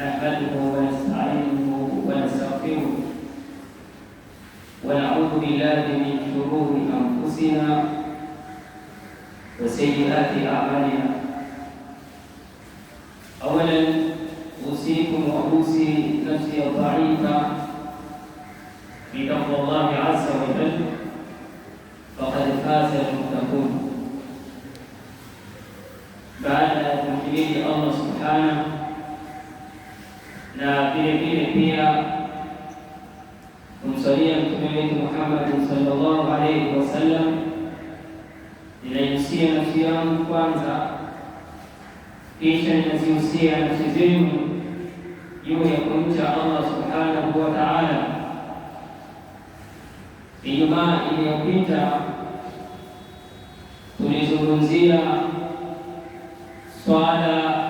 نحمده ونستعينه ونستغفره ونعوذ بالله من شرور انفسنا وسيئات اعمالنا اولا اوصيكم واوصي نفسي الضعيفه بتقوى الله عز وجل فقد فاز المتقون بعد تحليل الله سبحانه na vile vile pia kumsalia mtume wetu Muhammad sallallahu alaihi wasallam, ninaihusia nafsi yangu kwanza, kisha ninazihusia nafsi zenu juu ya kumcha Allah subhanahu wa ta'ala. Ijumaa iliyopita tulizungumzia swala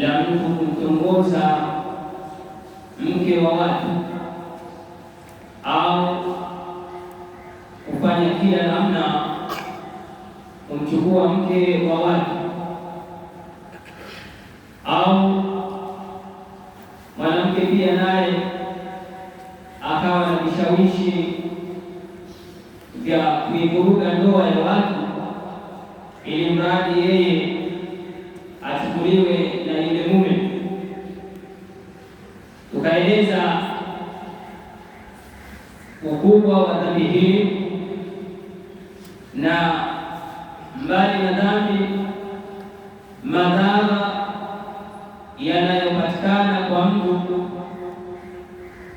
la mtu kumtongoza mke wa watu au kufanya kila namna kumchukua mke wa watu au mwanamke pia naye akawa na vishawishi vya kuivuruga ndoa ya watu ili mradi yeye ukubwa wa dhambi hii, na mbali na dhambi, madhara yanayopatikana kwa mtu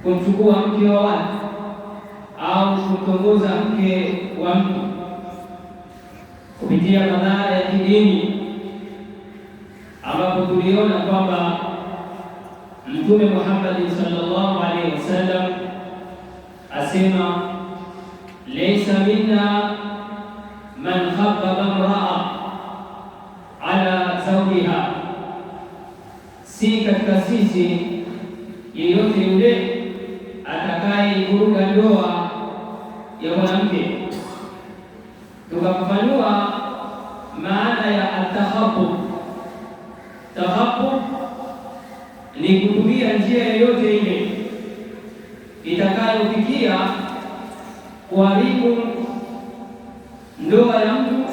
kumchukua mke wa watu au kumtongoza mke wa mtu kupitia madhara ya kidini, ambapo tuliona kwamba Mtume Muhammad sallallahu alaihi wasallam حسيمة ليس منا من خبب امرأة على زوجها سيكا كسيسي يوتي لي أتكاي كروكا لوا يوم أمكي تكفلوا ما يا التخبب تخبب لكتبية الجيل يوتي inayofikia kuharibu ndoa ya mtu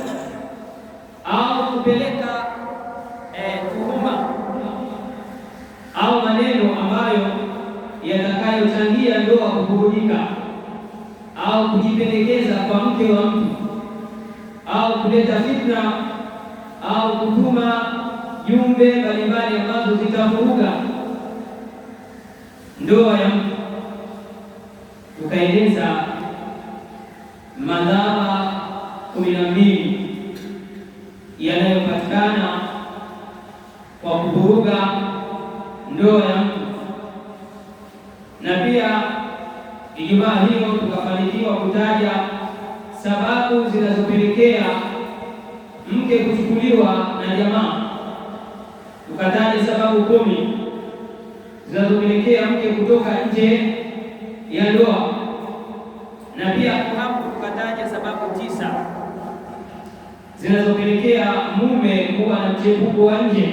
au kupeleka tuhuma eh, au maneno ambayo yatakayochangia ndoa kuburudika au kujipendekeza kwa mke wa mtu au kuleta fitna au kutuma jumbe mbalimbali ambazo zitavuruga ndoa ya mtu ukaeleza madhara kumi na mbili yanayopatikana kwa kuvuruga ndoa ya mtu, na pia Ijumaa hiyo tukafanikiwa kutaja sababu zinazopelekea mke kuchukuliwa na jamaa. Tukataja sababu kumi zinazopelekea mke kutoka nje ya ndoa na pia hapo kukataja sababu tisa zinazopelekea mume kuwa na mchepuko wa nje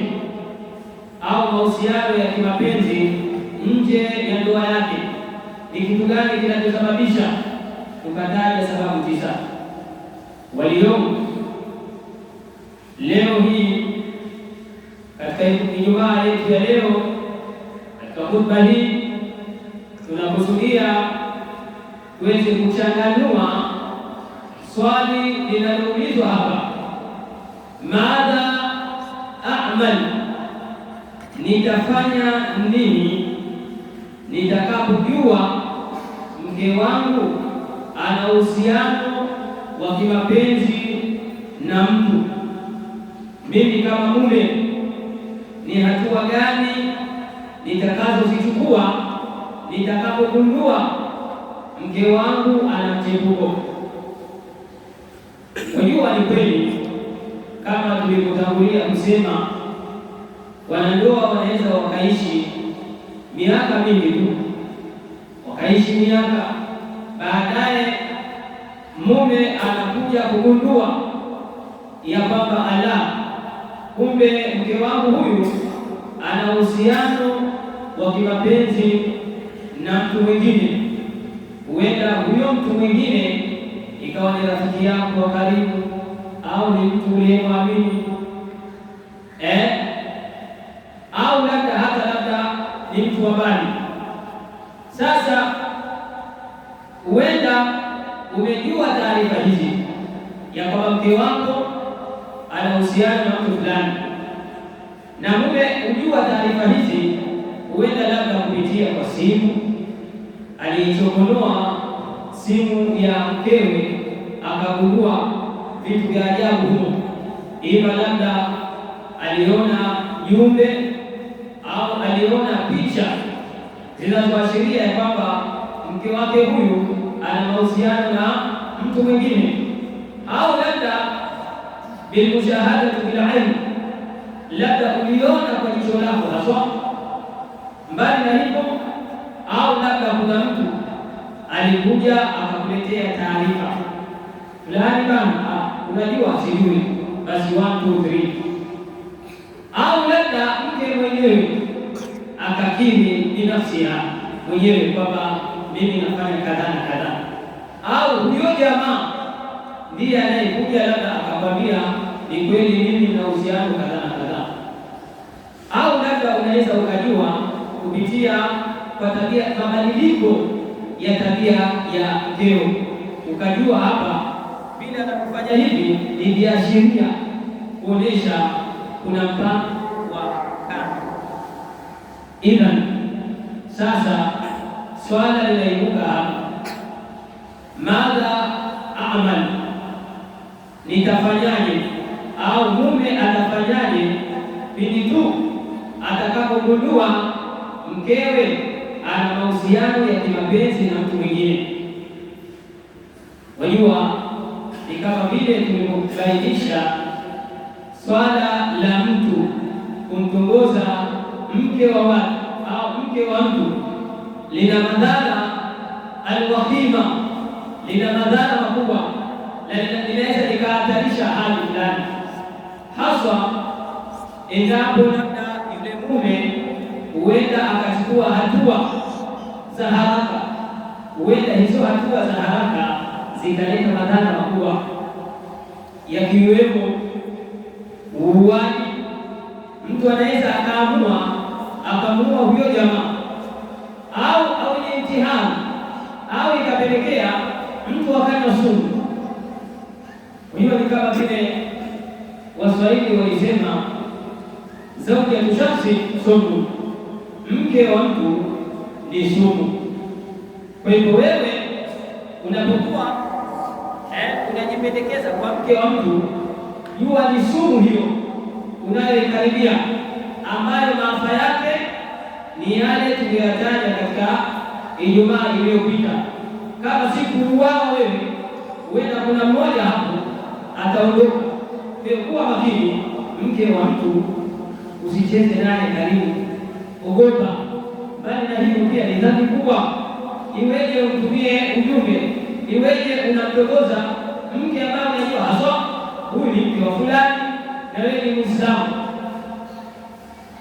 au mahusiano ya kimapenzi nje ya ndoa yake. Ni kitu gani kinachosababisha? Tukataja sababu tisa. Waliomu leo hii katika Ijumaa yetu ya leo, katika hutuba hii tunakusudia weze kuchanganua swali linaloulizwa hapa, madha amal, nitafanya nini nitakapojua mke wangu ana uhusiano wa kimapenzi na mtu? Mimi kama mume, ni hatua gani nitakazozichukua nitakapogundua mke wangu ana mchepuko. Unajua ni kweli kama tulivyotangulia kusema, wanandoa wanaweza wakaishi miaka mingi tu, wakaishi miaka, baadaye mume anakuja kugundua ya kwamba ala, kumbe mke wangu huyu ana uhusiano wa kimapenzi na mtu mwingine huenda huyo mtu mwingine ikawa ni rafiki yako wa karibu au ni mtu uliyemwamini eh, au labda hata labda ni mtu wa mbali. Sasa huenda umejua taarifa hizi ya kwamba mke wako ana uhusiano na mtu fulani, na mume hujua taarifa hizi, huenda labda kupitia kwa simu aliichokonoa simu ya mkewe, akagundua vitu vya ajabu humo, ima labda aliona jumbe au aliona picha zinazoashiria ya kwamba mke wake huyu ana mahusiano na mtu mwingine, au labda bilmushahadati bilaini, labda uliona kwa jicho lako haswa. Mbali na hivyo au labda kuna mtu alikuja akakuletea taarifa fulani, bana, ah, unajua sijui, basi watu three, au labda mke mwenyewe akakiri binafsi ya mwenyewe kwamba mimi nafanya kadhaa na kadhaa, au huyo jamaa ndiye anayekuja labda akakwambia ni kweli mimi na uhusiano kadhaa na kadhaa, au labda unaweza ukajua kupitia kwa tabia, mabadiliko ya tabia ya mkeo ukajua hapa bila anakufanya hivi ni viashiria kuonesha kuna mpango wa kando. Ila sasa swala linaibuka hapa, madha amal, nitafanyaje au mume atafanyaje pindi tu atakapogundua mkewe ana mahusiano ya kimapenzi na mtu mwingine. Wajua, ni kama vile tulivyobainisha swala la mtu kumtongoza mke wa watu au mke wa mtu lina madhara alwahima, lina madhara makubwa linaweza likahatarisha hali fulani, haswa endapo labda yule mume huenda akachukua hatua za haraka, huenda hizo hatua za haraka zikaleta madhara makubwa yakiwemo uuaji. Mtu anaweza akaamua akamua huyo jamaa au awenye mtihani au ikapelekea mtu akanywa sumu. Hiyo ni kama vile Waswahili walisema ya tushafsi sumu mke wa mtu ni sumu. Kwa hivyo wewe unapokuwa eh, unajipendekeza kwa mke wa mtu, jua ni sumu hiyo unayoikaribia, ambayo maafa yake ni yale tuliyotaja katika Ijumaa iliyopita. Kama sikuuawa wewe, huenda kuna mmoja hapo ataondoka. Kuwa makini, mke wa mtu usicheze naye karibu ogopa. Bali na hiyo pia ni dhambi kubwa. Iweje utumie ujumbe, iweje unamdogoza mke ambaye unajua haswa huyu ni mke wa fulani na wewe ni Muislamu.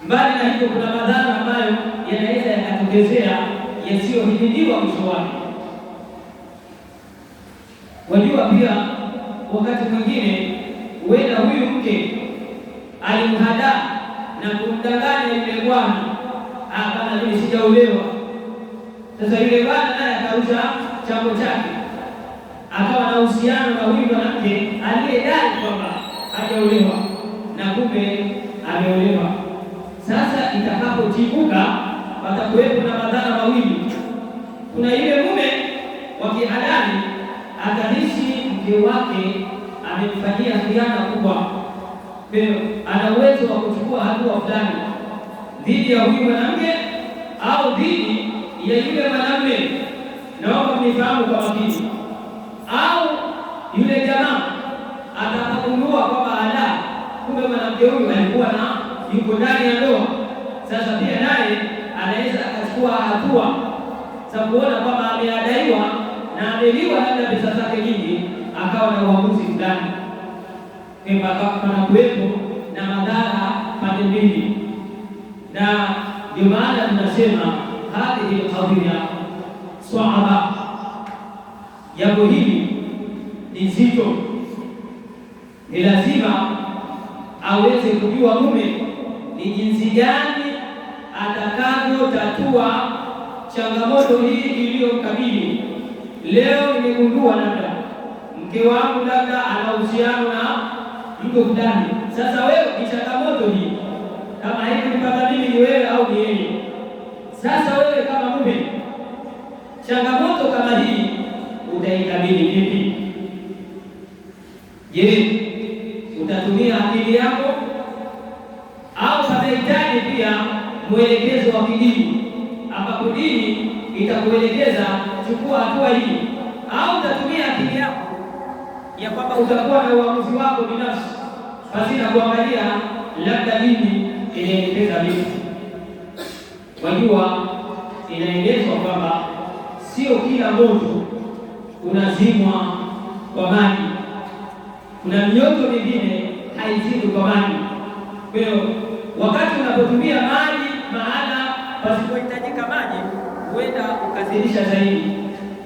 Mbali na hiyo, kuna madhara ambayo yanaweza yakatokezea yasiyohimiliwa mwisho wake. Wajua pia wakati mwingine huenda huyu mke alimhadaa na kumdanganya yule bwana hapana, ah, mimi sijaolewa. Sasa yule bwana naye akarusha chambo chake, akawa na uhusiano na huyu mwanamke aliyedai kwamba hajaolewa na kumbe ameolewa. Sasa itakapochipuka, watakuwepo na madhara mawili. Kuna yule mume wa kihalali atahisi mke wake amemfanyia khiana kubwa, ana uwezo wa kuchukua hatua fulani dhidi ya huyu mwanamke au dhidi ya yule mwanamume, naomba mnifahamu kwa makini, au yule jamaa atakagundua kwamba ala, kumbe mwanamke huyu alikuwa na yuko ndani ya ndoa. Sasa pia naye anaweza akachukua hatua za kuona kwamba ameadaiwa na ameliwa labda pesa zake nyingi, akawa na uamuzi fulani, kuna kuwepo na madhara pande mbili na ndio maana tunasema hadhihi lqadhia swaaba jambo hili ni zito, ni lazima aweze kujua mume ni jinsi gani atakavyotatua changamoto hii iliyomkabili. Leo nimegundua labda mke wangu labda ana uhusiano na mtu fulani. Sasa wewe ni changamoto hii kama mpaka mimi ni wewe au ni yeye. Sasa wewe kama mume, changamoto kama hii utaikabili vipi? Je, utatumia akili yako au utahitaji pia mwelekezo wa kidini, ambapo dini itakuelekeza chukua hatua hii, au utatumia akili yako ya kwamba utakuwa na uamuzi wako binafsi na kuangalia labda dini inaelekeza vitu. Wajua, inaelezwa kwamba sio kila moto unazimwa kwa maji, kuna mioto mingine haizimwi kwa maji. Kwa hiyo wakati unapotumia maji mahala pasipohitajika maji, huenda ukazidisha zaidi.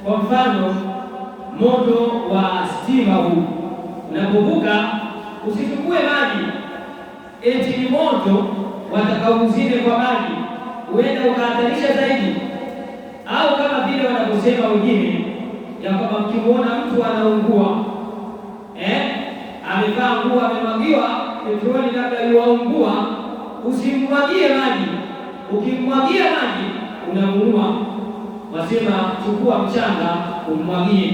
Kwa mfano, moto wa stima huu unapovuka, usichukue maji eti ni moto watakauzime kwa maji, huenda ukahatarisha zaidi, au kama vile wanavyosema wengine ya kwamba mkimuona mtu anaungua eh, amevaa nguo amemwagiwa petroli labda yuwaungua, usimwagie maji. Ukimwagia maji unamuua. Wasema chukua mchanga umwagie,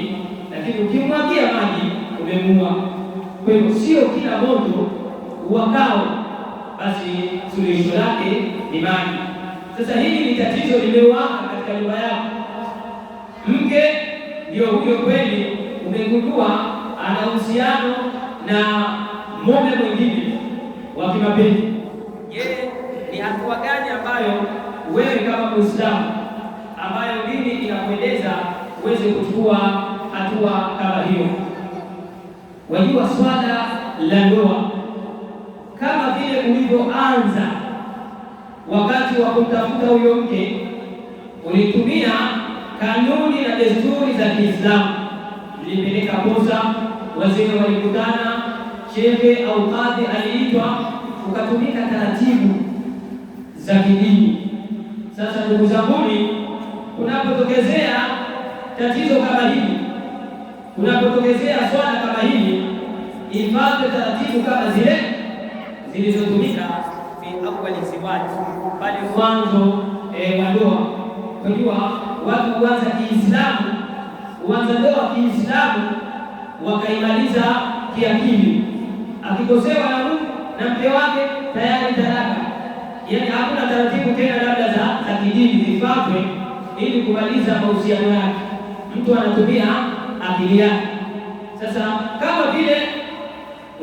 lakini ukimwagia maji umemuua. Kwa hiyo sio kila moto wakao basi suluhisho lake ni mali. Sasa hili ni tatizo limewaka katika nyumba yako. Mke ndio huyo kweli, umegundua ana uhusiano na mume mwingine wa kimapenzi. Je, ni hatua gani ambayo wewe kama Muislamu ambayo dini inakueleza uweze kuchukua hatua kama hiyo? Wajua swala la ndoa kama vile ulivyoanza wakati wa kumtafuta huyo mke, ulitumia kanuni na desturi za Kiislamu. Ulipeleka posa, wazee walikutana, shehe au kadhi aliitwa, ukatumika taratibu za kidini. Sasa ndugu zanguni, kunapotokezea tatizo kama hili, kunapotokezea swala kama hili, ifate taratibu kama zile zilizotumika fi awali ziwaji, bali mwanzo eh, wa ndoa. Unajua watu huanza Kiislamu, huanza ndoa Kiislamu, wakaimaliza kiakili. Akikosewa na Mungu na mke wake tayari talaka, yaani hakuna taratibu tena labda za kidini zifuatwe ili kumaliza mahusiano yake. Mtu anatumia akili yake. Sasa kama vile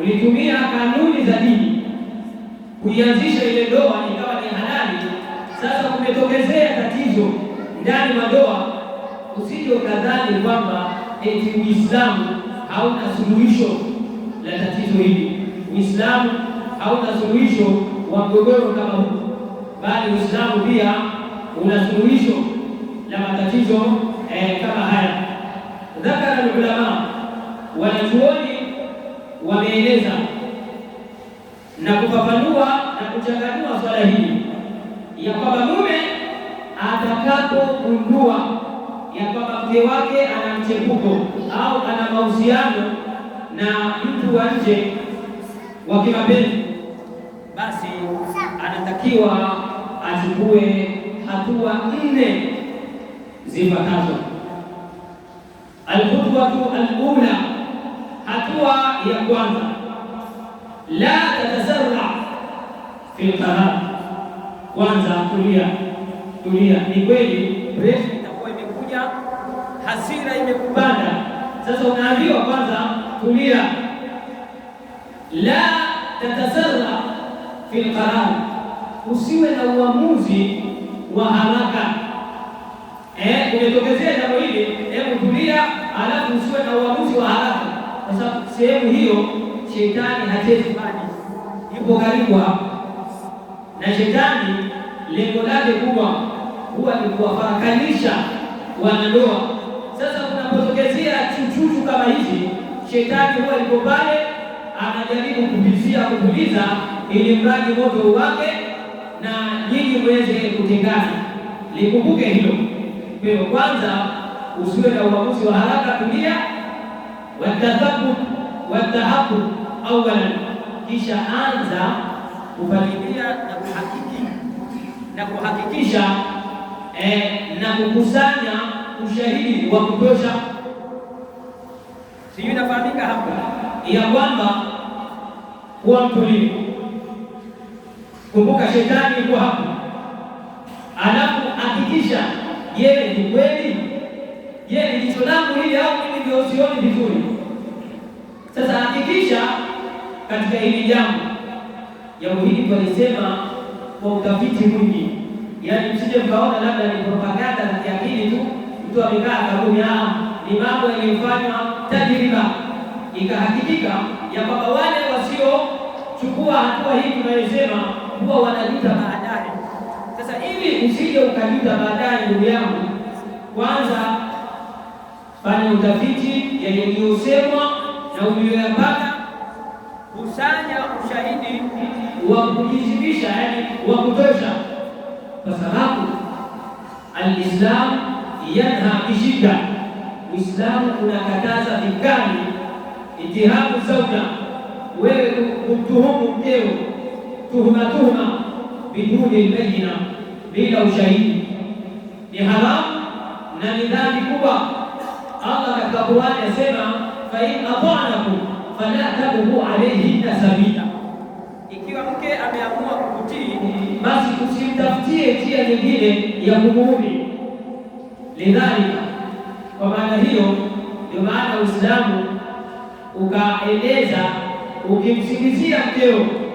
ulitumia kanuni za dini kuianzisha ile ndoa ikawa ni halali. Sasa kumetokezea tatizo ndani wa ndoa, usije ukadhani kwamba eti Uislamu hauna suluhisho la tatizo hili. Uislamu hauna suluhisho wa mgogoro kama huu, bali Uislamu pia una suluhisho la matatizo eh, kama haya. Dhakara ulama, wanachuoni wameeleza na kufafanua na kuchanganua swala hili ya kwamba mume atakapogundua ya kwamba mke wake ana mchepuko au ana mahusiano na mtu wa nje wa kimapenzi, basi anatakiwa achukue hatua nne zifuatazo. Alkhutwatu alula, hatua ya kwanza la tatasarra fi qahar. Kwanza tulia, tulia. Ni kweli presha itakuwa imekuja, hasira imekupanda, sasa unaambiwa kwanza tulia. La tatasarra fi qahar, usiwe na uamuzi wa haraka. Eh, umetokezea jambo hili, hebu tulia, alafu usiwe na uamuzi wa haraka, kwa sababu sehemu hiyo shetani hachezi mbali, yupo karibu hapo. Na shetani lengo lake kubwa huwa ni kuwafarakanisha wanandoa. Sasa kunapotokezea chuchuchu kama hizi, shetani huwa yuko pale, anajaribu kupitia kupuliza, ili mradi moto uwake na nyinyi mweze kutengana. Likumbuke hilo. Kwa kwanza, usiwe na uamuzi wa haraka, kulia watathabutu wadhahabu awalan, kisha anza kupalilia na kuhakiki na kuhakikisha eh, na kukusanya ushahidi wa kutosha. Sijui nafahamika hapa ya kwamba kuwa mtulivu. Kumbuka shetani yuko hapo, alafu hakikisha yeye ni kweli, yeye ni jicho langu hili au mimi ndio sioni vizuri sasa hakikisha katika hili jambo, jambo hili tunalisema kwa utafiti mwingi, yaani msije mkaona labda ni propaganda za kiakili tu, mtu amekaa kabuni. Ah, ni mambo yaliyofanywa tajriba, ikahakikika ya kwamba wale wasiochukua hatua hii tunayosema huwa wanajuta baadaye. Sasa ili usije ukajuta baadaye, ndugu yangu. Kwanza fanya utafiti yaliyosemwa na uliyoyapata, kusanya ushahidi wa kujizimisha, yani wa kutosha, kwa sababu alislamu yanha bishida, Uislamu unakataza vikali itihabu zauja, wewe kumtuhumu mkeo tuhuma tuhuma biduni lbayina, bila ushahidi ni haramu na ni dhambi kubwa. Allah katika Qur'ani asema fain ata'nahu fala tabghu alayhinna sabila, ikiwa mke ameamua kukutii basi usimtafutie njia nyingine ya kumuudhi. Lidhalika, kwa maana hiyo ndio maana Uislamu ukaeleza ukimsingizia mkeo